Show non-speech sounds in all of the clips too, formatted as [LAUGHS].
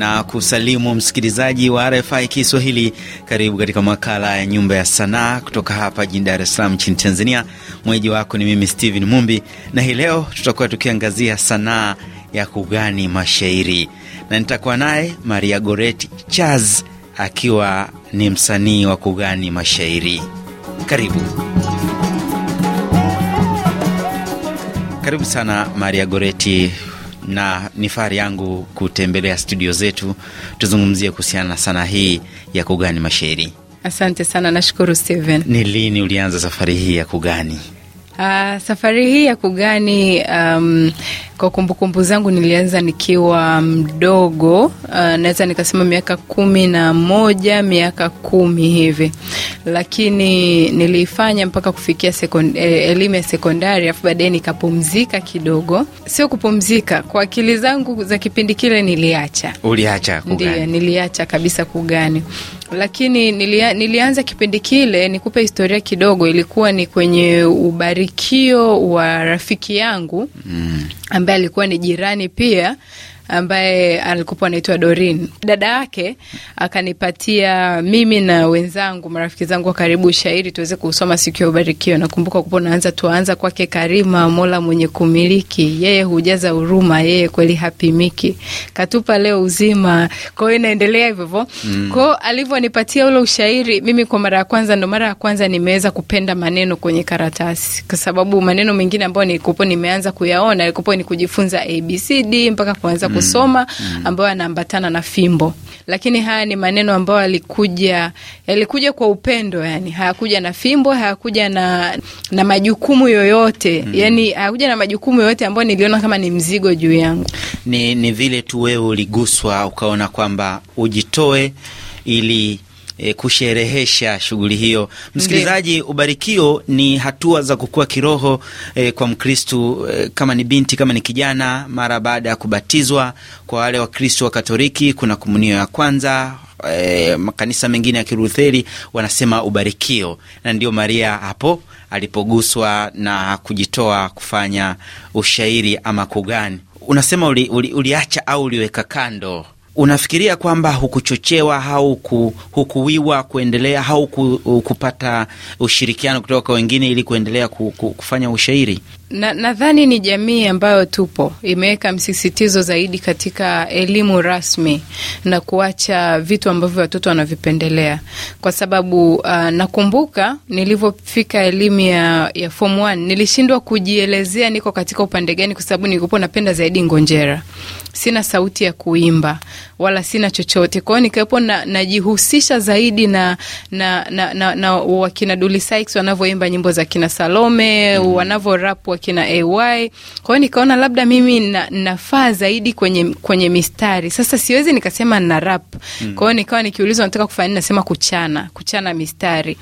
na kusalimu msikilizaji wa RFI Kiswahili. Karibu katika makala ya Nyumba ya Sanaa kutoka hapa jijini Dar es Salaam nchini Tanzania. Mwenyeji wako ni mimi Steven Mumbi, na hii leo tutakuwa tukiangazia sanaa ya kugani mashairi, na nitakuwa naye Maria Goretti Chaz akiwa ni msanii wa kugani mashairi. Karibu. Karibu sana Maria Goretti na ni fahari yangu kutembelea studio zetu tuzungumzie kuhusiana na sanaa hii ya kugani mashairi. Asante sana, nashukuru Steven. Ni lini ulianza safari hii ya kugani? Uh, safari hii ya kugani um, kwa kumbukumbu zangu nilianza nikiwa mdogo uh, naweza nikasema miaka kumi na moja miaka kumi hivi, lakini nilifanya mpaka kufikia sekond, eh, elimu ya sekondari, alafu baadaye nikapumzika kidogo. Sio kupumzika kwa akili zangu za kipindi kile, niliacha. Uliacha niliacha kabisa kugani lakini nilia, nilianza kipindi kile, nikupe historia kidogo. Ilikuwa ni kwenye ubarikio wa rafiki yangu mm, ambaye alikuwa ni jirani pia ambaye alikuwa anaitwa Dorin. Dada yake akanipatia mimi na wenzangu marafiki zangu wa karibu shairi tuweze kusoma siku ya ubarikio. Nakumbuka kupo naanza tuanza kwake Karima, Mola mwenye kumiliki, yeye hujaza huruma, yeye kweli hapimiki, katupa leo uzima. Kwa hiyo inaendelea hivyo hivyo. Mm. Kwa hiyo alivyonipatia ule ushairi, mimi kwa mara ya kwanza, ndo mara ya kwanza nimeweza kupenda maneno kwenye karatasi, kwa sababu maneno mengine ambayo nilikuwa nimeanza kuyaona, nilikuwa ni kujifunza ABCD mpaka kuanza mm kusoma mm. ambayo yanaambatana na fimbo. Lakini haya ni maneno ambayo yalikuja yalikuja kwa upendo, yani hayakuja na fimbo, hayakuja na na majukumu yoyote mm. Yani hayakuja na majukumu yoyote ambayo niliona kama ni mzigo juu yangu. Ni, ni vile tu wewe uliguswa ukaona kwamba ujitoe ili e, kusherehesha shughuli hiyo. Msikilizaji, ubarikio ni hatua za kukua kiroho e, kwa Mkristu e, kama ni binti, kama ni kijana, mara baada ya kubatizwa. Kwa wale Wakristu wa Katoliki kuna komunio ya kwanza. E, makanisa mengine ya kirutheri wanasema ubarikio, na ndio Maria hapo alipoguswa na kujitoa kufanya ushairi ama kugani. Unasema uli, uli, uliacha au uliweka kando Unafikiria kwamba hukuchochewa au hukuwiwa kuendelea au kupata ushirikiano kutoka kwa wengine ili kuendelea kufanya ushairi? Nadhani na ni jamii ambayo tupo imeweka msisitizo zaidi katika elimu rasmi na kuacha vitu ambavyo watoto wanavipendelea, kwa sababu uh, nakumbuka nilivyofika elimu ya, ya form 1 nilishindwa kujielezea niko katika upande gani, kwa sababu nilikuwa napenda zaidi ngonjera, sina sauti ya kuimba wala sina chochote. Kwa hiyo najihusisha na, zaidi na, na, na, na, na wakina Dully Sykes wanavyoimba nyimbo za kina Salome mm. wanavyo rap wakina AY. Kwa hiyo nikaona labda mimi na, nafaa zaidi kwenye, kwenye mistari. Sasa siwezi nikasema na rap mm. Kwa hiyo nikawa nikiulizwa nataka kufanya nini, nasema kuchana kuchana mistari,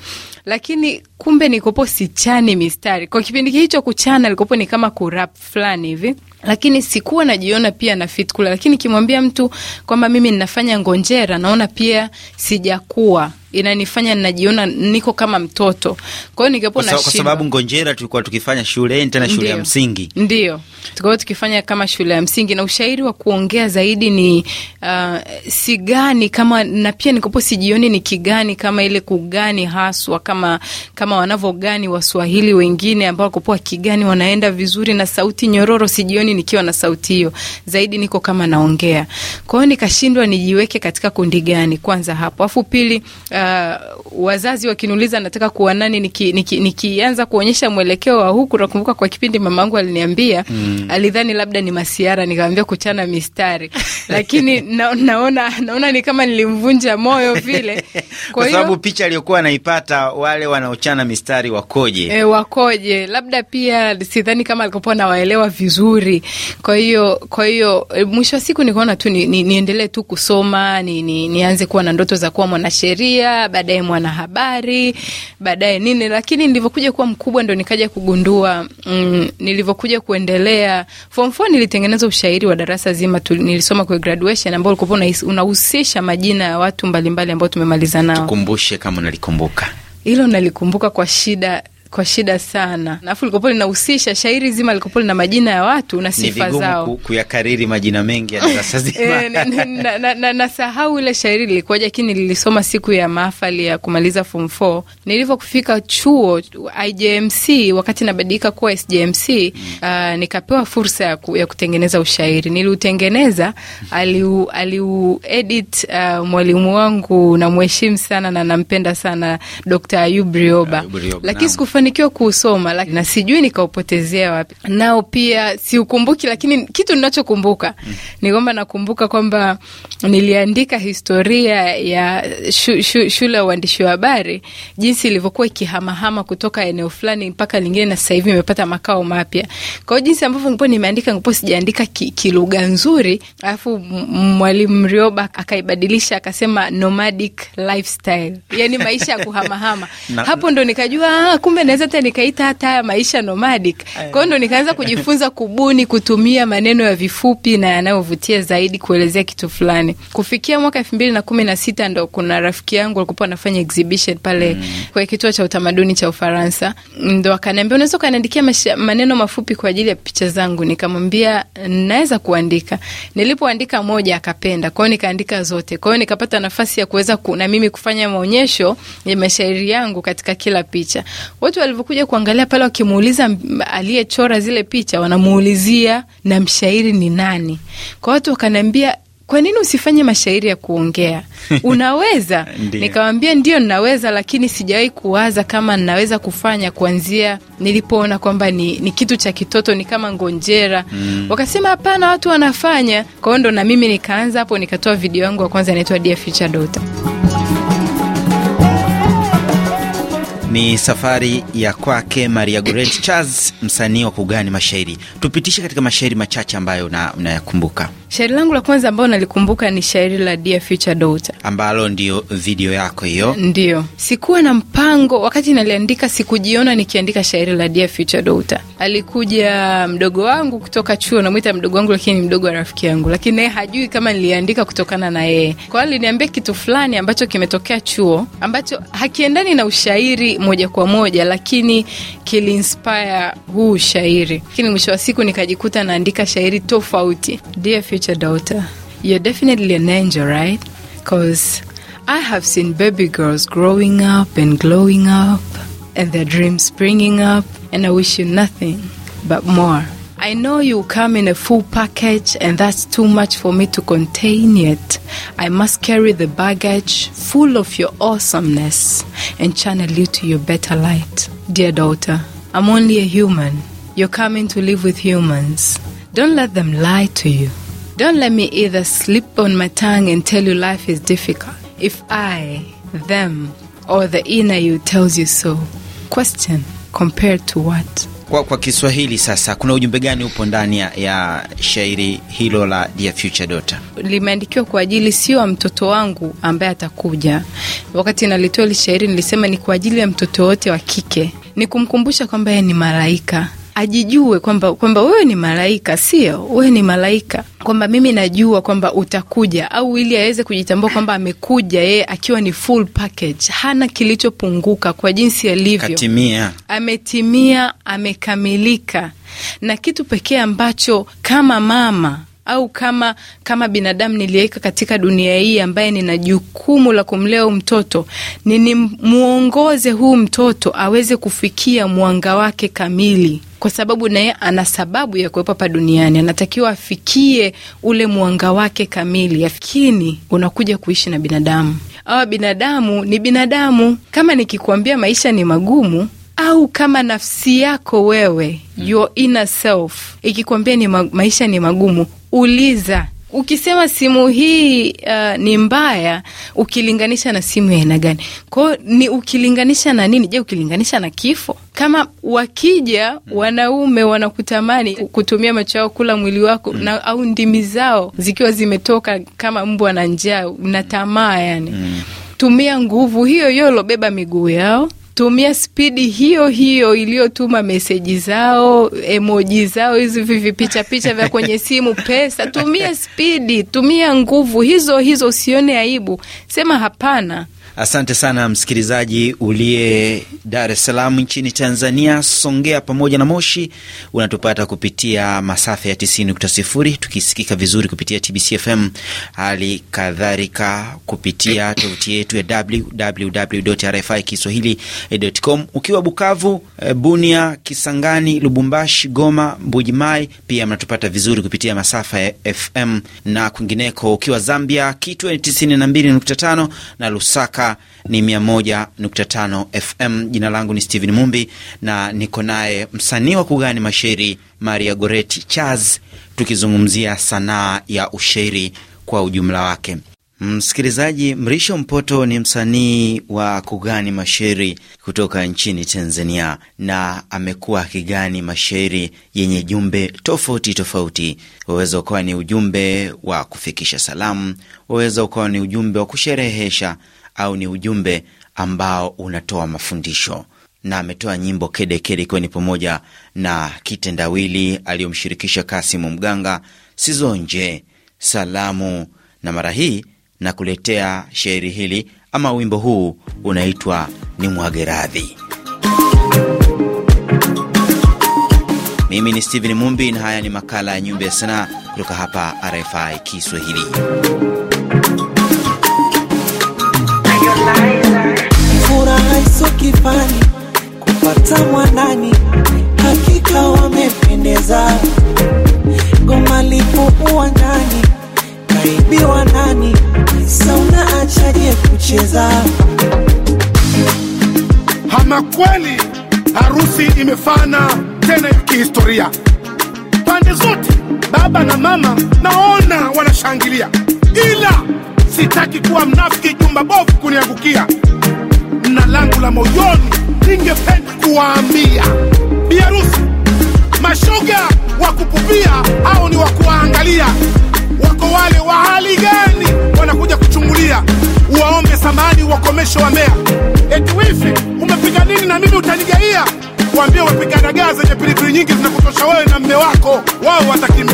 lakini kumbe nikopo sichani mistari. Kwa kipindi hicho kuchana likopo ni kama kurap fulani hivi mm lakini sikuwa najiona pia na fit kula, lakini kimwambia mtu kwamba mimi ninafanya ngonjera, naona pia sijakuwa inanifanya najiona niko kama mtoto. Kwa hiyo ningepo na kwa sababu ngonjera tulikuwa tukifanya shuleni tena shule ya msingi, ndio tulikuwa tukifanya kama shule ya msingi, na ushairi wa kuongea zaidi ni uh, sigani kama na pia nikopo sijioni ni kigani kama ile kugani haswa kama kama wanavogani Waswahili wengine ambao kupoa kigani wanaenda vizuri na sauti nyororo, sijioni nikiwa na sauti hiyo, zaidi niko kama naongea. Kwa hiyo nikashindwa nijiweke katika kundi gani kwanza hapo, afu pili uh, uh, wazazi wakiniuliza nataka kuwa nani, nikianza niki, kuonyesha mwelekeo wa huku, nakumbuka kwa kipindi mama angu aliniambia mm. alidhani labda ni masiara, nikamwambia kuchana mistari [LAUGHS] lakini na, naona, naona ni kama nilimvunja moyo vile, [LAUGHS] kwa sababu picha aliyokuwa anaipata wale wanaochana mistari wakoje, e, wakoje, labda pia sidhani kama alikopoa nawaelewa vizuri. Kwa hiyo kwa hiyo eh, mwisho wa siku nikaona tu niendelee ni, ni tu kusoma nianze ni, ni kuwa na ndoto za kuwa mwanasheria baadaye mwanahabari, baadaye nini, lakini nilivyokuja kuwa mkubwa ndo nikaja kugundua mm, nilivyokuja kuendelea form 4 nilitengeneza ushairi wa darasa zima tu, nilisoma kwa graduation ambao ulikuwa unahusisha majina ya watu mbalimbali ambao tumemaliza nao. Tukumbushe kama nalikumbuka hilo. Nalikumbuka kwa shida kwa shida sana. Alafu likopo linahusisha shairi zima, likopo lina majina ya watu na sifa zao, kuyakariri majina mengi ya darasa [LAUGHS] eh, zima e, na nasahau ile shairi lilikuwaje, lakini nilisoma siku ya mahafali ya kumaliza form 4 nilivyokufika chuo IJMC, wakati nabadilika kuwa SJMC mm. Uh, nikapewa fursa ya, ku, ya kutengeneza ushairi. Niliutengeneza, aliu, aliu edit uh, mwalimu wangu namheshimu sana na nampenda sana Dr. Ayub Rioba, lakini sikufanya sikufanikiwa kuusoma lakini na sijui nikaupotezea wapi, nao pia siukumbuki, lakini kitu ninachokumbuka ni kwamba nakumbuka kwamba niliandika historia ya shu, shu, shule ya uandishi wa habari jinsi ilivyokuwa ikihamahama kutoka eneo fulani mpaka lingine, na sasa hivi imepata makao mapya. Kwa hiyo jinsi ambavyo nilikuwa nimeandika, nilikuwa sijaandika kilugha ki nzuri, alafu mwalimu Rioba akaibadilisha akasema nomadic lifestyle, yani maisha ya kuhamahama [LAUGHS] hapo ndo nikajua ah, kumbe naweza hata nikaita hata haya maisha nomadic. Kwa hiyo nikaanza kujifunza kubuni, kutumia maneno ya vifupi na yanayovutia zaidi kuelezea kitu fulani. Kufikia mwaka elfu mbili na kumi na sita ndo kuna rafiki yangu alikuwa anafanya exhibition pale mm. kwa kituo cha utamaduni cha Ufaransa, ndo akaniambia unaweza ukaniandikia maneno mafupi kwa ajili ya picha zangu. Nikamwambia naweza kuandika. Nilipoandika moja akapenda, kwa hiyo nikaandika zote. Kwa hiyo nikapata nafasi ya kuweza ku, na mimi kufanya maonyesho ya mashairi yangu katika kila picha. Watu watu walivyokuja kuangalia pale, wakimuuliza aliyechora zile picha, wanamuulizia na mshairi ni nani. Kwa watu wakaniambia kwa nini usifanye mashairi ya kuongea? [LAUGHS] Unaweza. Nikawambia ndio, ninaweza, lakini sijawahi kuwaza kama ninaweza kufanya kuanzia nilipoona kwamba ni, ni kitu cha kitoto, ni kama ngonjera mm. Wakasema hapana, watu wanafanya. Kwa hiyo ndo na mimi nikaanza hapo, nikatoa video yangu ya kwanza inaitwa Dear Future Daughter. Ni safari ya kwake Maria gret Charles, msanii wa kugani mashairi. Tupitishe katika mashairi machache ambayo unayakumbuka. una Shairi langu la kwanza ambayo nalikumbuka ni shairi la Dear Future Daughter ambalo ndio video yako hiyo. Ndio, sikuwa na mpango wakati naliandika, sikujiona nikiandika shairi la Dear Future Daughter. Alikuja mdogo wangu kutoka chuo, namwita mdogo wangu lakini ni mdogo wa rafiki yangu, lakini naye hajui kama niliandika kutokana na yeye. kwao hiyo aliniambia kitu fulani ambacho kimetokea chuo ambacho hakiendani na ushairi moja kwa moja, lakini kilinspire huu shairi, lakini mwisho wa siku nikajikuta naandika shairi tofauti. Dear future daughter, you're definitely an angel right? Cause I have seen baby girls growing up and glowing up and their dreams springing up and I wish you nothing but more I know you come in a full package, and that's too much for me to contain yet. I must carry the baggage full of your awesomeness and channel you to your better light. Dear daughter, I'm only a human. You're coming to live with humans. Don't let them lie to you. Don't let me either slip on my tongue and tell you life is difficult. If I, them, or the inner you tells you so, question compared to what? Kwa, kwa Kiswahili sasa, kuna ujumbe gani upo ndani ya shairi hilo la Dear Future Daughter? Limeandikiwa kwa ajili sio wa mtoto wangu ambaye atakuja. Wakati nalitoa hili shairi nilisema ni kwa ajili ya mtoto wote wa kike, ni kumkumbusha kwamba yeye ni malaika ajijue kwamba kwamba wewe ni malaika, sio wewe ni malaika, kwamba mimi najua kwamba utakuja, au ili aweze kujitambua kwamba amekuja yeye akiwa ni full package, hana kilichopunguka kwa jinsi alivyo, katimia, ametimia, amekamilika. Na kitu pekee ambacho kama mama au kama kama binadamu niliweka katika dunia hii ambaye nina jukumu la kumlea mtoto, ninimuongoze huu mtoto aweze kufikia mwanga wake kamili, kwa sababu naye ana sababu ya kuwepo hapa duniani, anatakiwa afikie ule mwanga wake kamili, yakini unakuja kuishi na binadamu. awa binadamu ni binadamu. Kama nikikuambia maisha ni magumu au kama nafsi yako wewe, your inner self ikikwambia ni ma maisha ni magumu, uliza Ukisema simu hii uh, ni mbaya ukilinganisha na simu ya aina gani? Kwao ni ukilinganisha na nini? Je, ukilinganisha na kifo? Kama wakija wanaume wanakutamani kutumia macho yao kula mwili wako mm. na, au ndimi zao zikiwa zimetoka kama mbwa na njaa na tamaa, yani mm. tumia nguvu hiyo hiyo ilobeba miguu yao tumia spidi hiyo hiyo iliyotuma meseji zao, emoji zao, hizi vivipicha picha vya kwenye [LAUGHS] simu, pesa. Tumia spidi, tumia nguvu hizo hizo, usione aibu, sema hapana. Asante sana msikilizaji uliye Dar es Salaam nchini Tanzania, Songea pamoja na Moshi, unatupata kupitia masafa ya 90.0 tukisikika vizuri kupitia TBC FM, hali kadhalika kupitia tovuti yetu ya www.rfikiswahili.com. Ukiwa Bukavu, eh, Bunia, Kisangani, Lubumbashi, Goma, Mbujimai, pia mnatupata vizuri kupitia masafa ya FM na kwingineko. Ukiwa Zambia, Kitwe 92.5 na Lusaka ni 101.5 FM. Jina langu ni Steven Mumbi na niko naye msanii wa kugani mashairi Maria Goretti Chaz, tukizungumzia sanaa ya ushairi kwa ujumla wake. Msikilizaji, Mrisho Mpoto ni msanii wa kugani mashairi kutoka nchini Tanzania na amekuwa akigani mashairi yenye jumbe tofauti tofauti. Waweza ukawa ni ujumbe wa kufikisha salamu, waweza ukawa ni ujumbe wa kusherehesha, au ni ujumbe ambao unatoa mafundisho na ametoa nyimbo kedekede ikiwa ni pamoja na kitendawili aliyomshirikisha Kasimu Mganga, Sizonje, Salamu na mara hii na kuletea shairi hili ama wimbo huu unaitwa ni mwage radhi. Mimi ni Steven Mumbi na haya ni makala ya Nyumba ya Sanaa kutoka hapa RFI Kiswahili. tamu mwanani, hakika wamependeza. Goma lipo uwanjani, kaibiwa nani? Sauna achaje kucheza. Hama kweli, harusi imefana tena ya kihistoria, pande zote baba na mama naona wanashangilia, ila sitaki kuwa mnafiki, jumba bovu kuniangukia na langu la moyoni nisingependa kuwaambia biharusi mashoga wa kupupia au ni wa kuwaangalia wako wale wa hali gani wanakuja kuchungulia waombe samani wakomesho wa eti wifi umepika nini na mimi utanigaia kuambia umepika dagaa zenye pilipili nyingi zinakutosha wewe na mme wako wao watakim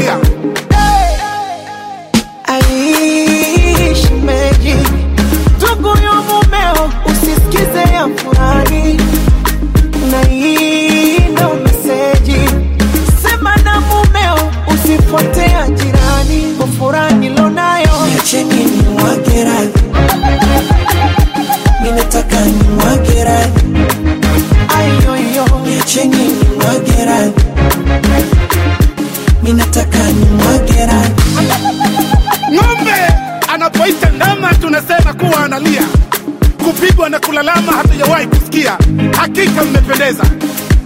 analia, kupigwa na kulalama hatujawahi kusikia. Hakika mmependeza.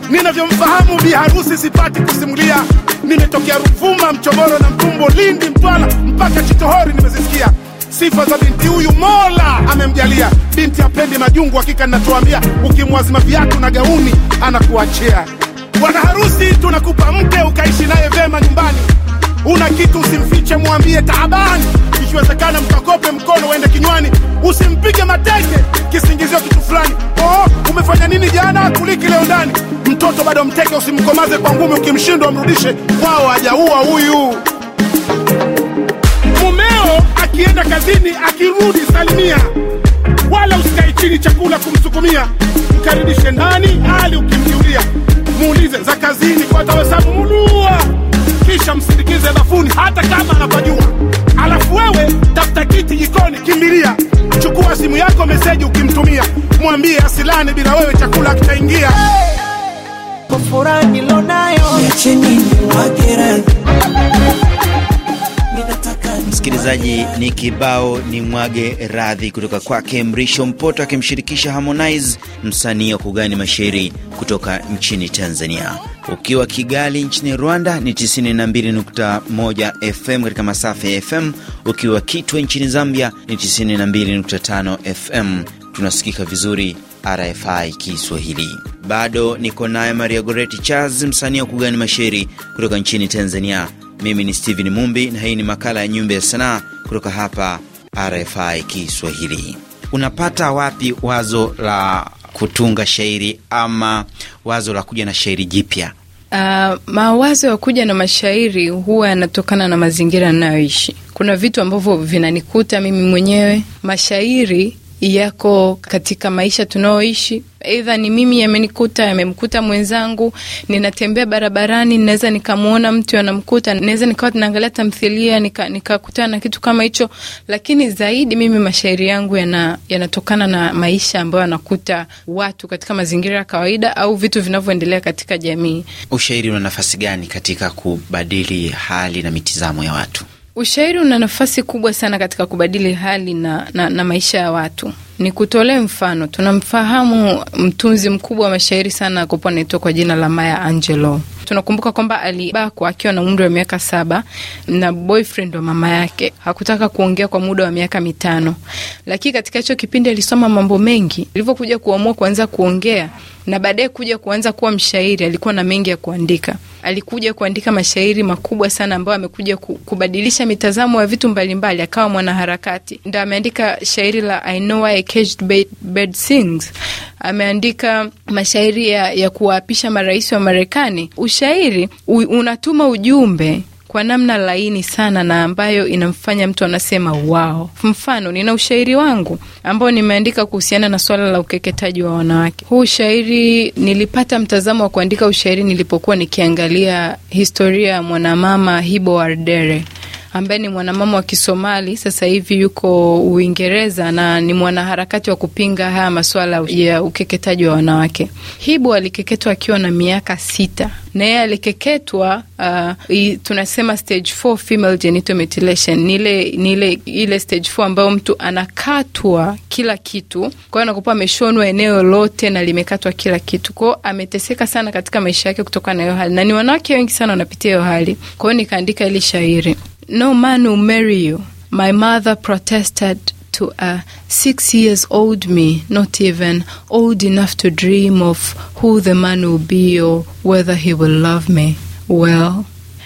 Ninavyomfahamu bi harusi sipati kusimulia. Nimetokea rufuma mchogoro na Mtumbo, Lindi, mtwala mpaka Chitohori nimezisikia sifa za binti huyu Mola amemjalia. Binti apendi majungu, hakika natuambia, ukimwazima viatu na gauni anakuachia. Bwana harusi, tunakupa mke ukaishi naye vema nyumbani. Una kitu usimfiche, mwambie taabani ikiwezekana mkakope mkono uende kinywani, usimpige mateke kisingizio kitu fulani. Oh, umefanya nini jana kuliki leo ndani? Mtoto bado mteke, usimkomaze kwa ngumi, ukimshindwa mrudishe kwao, hajaua huyu. Mumeo akienda kazini, akirudi salimia, wala usikae chini chakula kumsukumia, mkaribishe ndani hali ukimjulia, muulize za kazini kwa tabasamu mulua, kisha msindikize bafuni hata kama anapajua alafu wewe tafuta kiti jikoni, kimbilia, chukua simu yako, meseji ukimtumia, mwambie asilani bila wewe chakula kitaingia. Kwa furaha nilonayo, Msikilizaji, ni kibao ni mwage radhi kutoka kwake Mrisho Mpoto akimshirikisha Harmonize, msanii wa kugani mashairi kutoka nchini Tanzania. Ukiwa Kigali nchini Rwanda ni 92.1 FM katika masafa ya FM. Ukiwa Kitwe nchini Zambia ni 92.5 FM. Tunasikika vizuri RFI Kiswahili. Bado niko naye Maria Goreti Charles, msanii wa kugani mashairi kutoka nchini Tanzania mimi ni stephen Mumbi na hii ni makala ya Nyumba ya Sanaa kutoka hapa RFI Kiswahili. Unapata wapi wazo la kutunga shairi ama wazo la kuja na shairi jipya? Uh, mawazo ya kuja na mashairi huwa yanatokana na mazingira yanayoishi Kuna vitu ambavyo vinanikuta mimi mwenyewe. Mashairi yako katika maisha tunayoishi. Aidha ni mimi yamenikuta, yamemkuta mwenzangu. Ninatembea barabarani, naweza nikamwona mtu anamkuta, naweza nikawa naangalia tamthilia nikakutana nika na kitu kama hicho, lakini zaidi mimi mashairi yangu yanatokana yana na maisha ambayo anakuta watu katika mazingira ya kawaida au vitu vinavyoendelea katika jamii. Ushairi una nafasi gani katika kubadili hali na mitizamo ya watu? Ushairi una nafasi kubwa sana katika kubadili hali na, na, na maisha ya watu. Ni kutolee mfano, tunamfahamu mtunzi mkubwa wa mashairi sana kopo, anaitwa kwa jina la Maya angelo Tunakumbuka kwamba alibakwa akiwa na umri wa miaka saba na boyfriend wa mama yake. Hakutaka kuongea kwa muda wa miaka mitano, lakini katika hicho kipindi alisoma mambo mengi. Alivyokuja kuamua kuanza kuongea na baadaye kuja kuanza kuwa mshairi, alikuwa na mengi ya kuandika alikuja kuandika mashairi makubwa sana ambayo amekuja kubadilisha mitazamo ya vitu mbalimbali, akawa mwanaharakati. Ndo ameandika shairi la I know why a caged bird sings. Ameandika mashairi ya, ya kuwaapisha marais wa Marekani. Ushairi u, unatuma ujumbe kwa namna laini sana na ambayo inamfanya mtu anasema wao. Mfano, nina ushairi wangu ambao nimeandika kuhusiana na swala la ukeketaji wa wanawake. Huu ushairi nilipata mtazamo wa kuandika ushairi nilipokuwa nikiangalia historia ya mwanamama Hibo Ardere ambaye ni mwanamama wa Kisomali, sasa hivi yuko Uingereza na ni mwanaharakati wa kupinga haya masuala ya ukeketaji wa wanawake. Hibu alikeketwa akiwa na miaka sita na yeye alikeketwa uh, tunasema stage 4 female genital mutilation. Ni ile ni ile ile stage 4 ambayo mtu anakatwa kila kitu, kwa hiyo anakupa ameshonwa eneo lote na limekatwa kila kitu. Kwa hiyo ameteseka sana katika maisha yake kutokana na hiyo hali, na ni wanawake wengi sana wanapitia hiyo hali. Kwa hiyo nikaandika ile shairi No man will marry you. My mother protested to a six years old me, not even old enough to dream of who the man will be or whether he will love me. Well,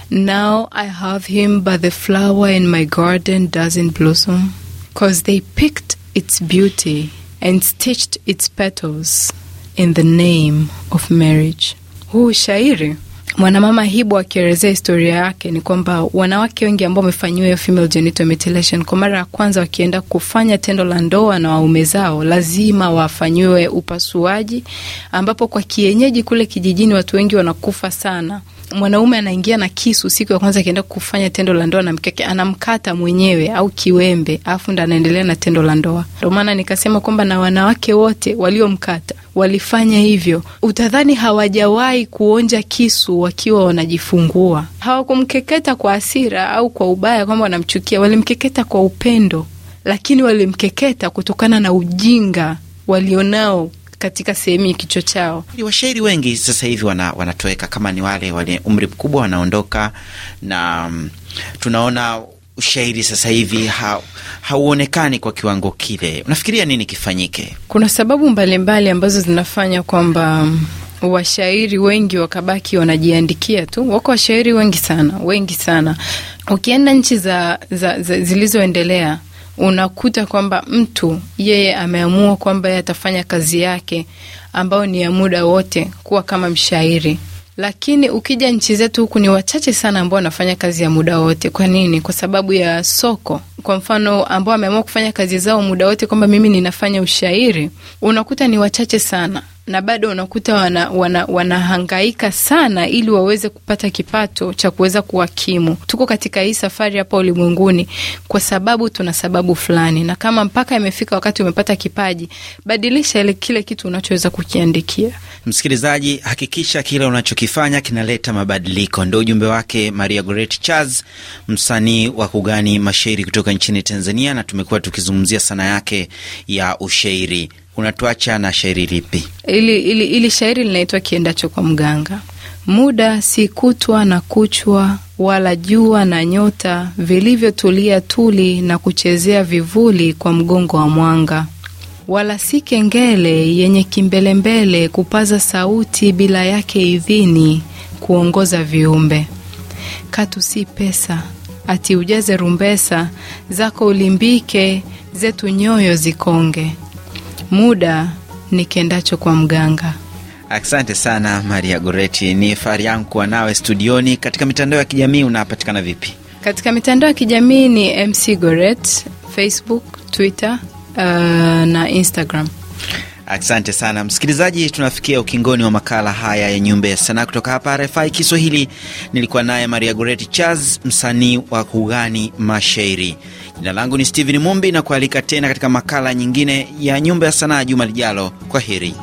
now I have him, but the flower in my garden doesn't blossom, 'cause they picked its beauty and stitched its petals in the name of marriage. Who is shairi Mwanamama hibo akielezea historia yake ni kwamba wanawake wengi ambao wamefanyiwa hiyo female genital mutilation kwa mara ya kwanza, wakienda kufanya tendo la ndoa na waume zao, lazima wafanyiwe upasuaji, ambapo kwa kienyeji kule kijijini watu wengi wanakufa sana mwanaume anaingia na kisu siku ya kwanza akienda kufanya tendo la ndoa na mkeke, anamkata mwenyewe au kiwembe, alafu ndo anaendelea na tendo la ndoa. Ndo maana nikasema kwamba na wanawake wote waliomkata walifanya hivyo. Utadhani hawajawahi kuonja kisu wakiwa wanajifungua. Hawakumkeketa kwa hasira au kwa ubaya kwamba wanamchukia, walimkeketa kwa upendo, lakini walimkeketa kutokana na ujinga walionao katika sehemu ya kichwa chao. Washairi wengi sasa hivi wana, wanatoweka kama ni wale wenye umri mkubwa wanaondoka, na um, tunaona ushairi sasa hivi ha, hauonekani kwa kiwango kile. Unafikiria nini kifanyike? Kuna sababu mbalimbali mbali ambazo zinafanya kwamba mm, washairi wengi wakabaki wanajiandikia tu. Wako washairi wengi sana, wengi sana. Ukienda nchi za, za, za zilizoendelea unakuta kwamba mtu yeye ameamua kwamba yeye atafanya kazi yake ambayo ni ya muda wote kuwa kama mshairi lakini ukija nchi zetu huku ni wachache sana ambao wanafanya kazi ya muda wote. Kwa nini? Kwa sababu ya soko kwa mfano ambao wameamua kufanya kazi zao muda wote kwamba mimi ninafanya ushairi, unakuta ni wachache sana, na bado unakuta wana, wana, wanahangaika sana ili waweze kupata kipato cha kuweza kuwakimu. Tuko katika hii safari hapa ulimwenguni kwa sababu tuna sababu fulani, na kama mpaka imefika wakati umepata kipaji, badilisha ile kile kitu unachoweza kukiandikia. Msikilizaji, hakikisha kile unachokifanya kinaleta mabadiliko. Ndo ujumbe wake Maria Goretti Chaz, msanii wa kugani mashairi kutoka nchini Tanzania, na tumekuwa tukizungumzia sanaa yake ya ushairi. Unatuacha na shairi lipi? Ili, ili, ili shairi linaitwa Kiendacho kwa Mganga. Muda si kutwa na kuchwa, wala jua na nyota, vilivyotulia tuli na kuchezea vivuli kwa mgongo wa mwanga wala si kengele yenye kimbelembele kupaza sauti bila yake idhini kuongoza viumbe, katu si pesa ati ujaze rumbesa zako ulimbike, zetu nyoyo zikonge, muda ni kiendacho kwa mganga. Asante sana Maria Goreti, ni fahari yangu kuwa nawe studioni. Katika mitandao ya kijamii unapatikana vipi? Katika mitandao ya kijamii ni MC Goret, Facebook, Twitter uh, na Instagram. Asante sana msikilizaji, tunafikia ukingoni wa makala haya ya Nyumba ya Sanaa kutoka hapa RFI Kiswahili. Nilikuwa naye Maria Goreti Charles, msanii wa kughani mashairi. Jina langu ni Steven Mumbi na kualika tena katika makala nyingine ya Nyumba ya Sanaa juma lijalo. Kwa heri.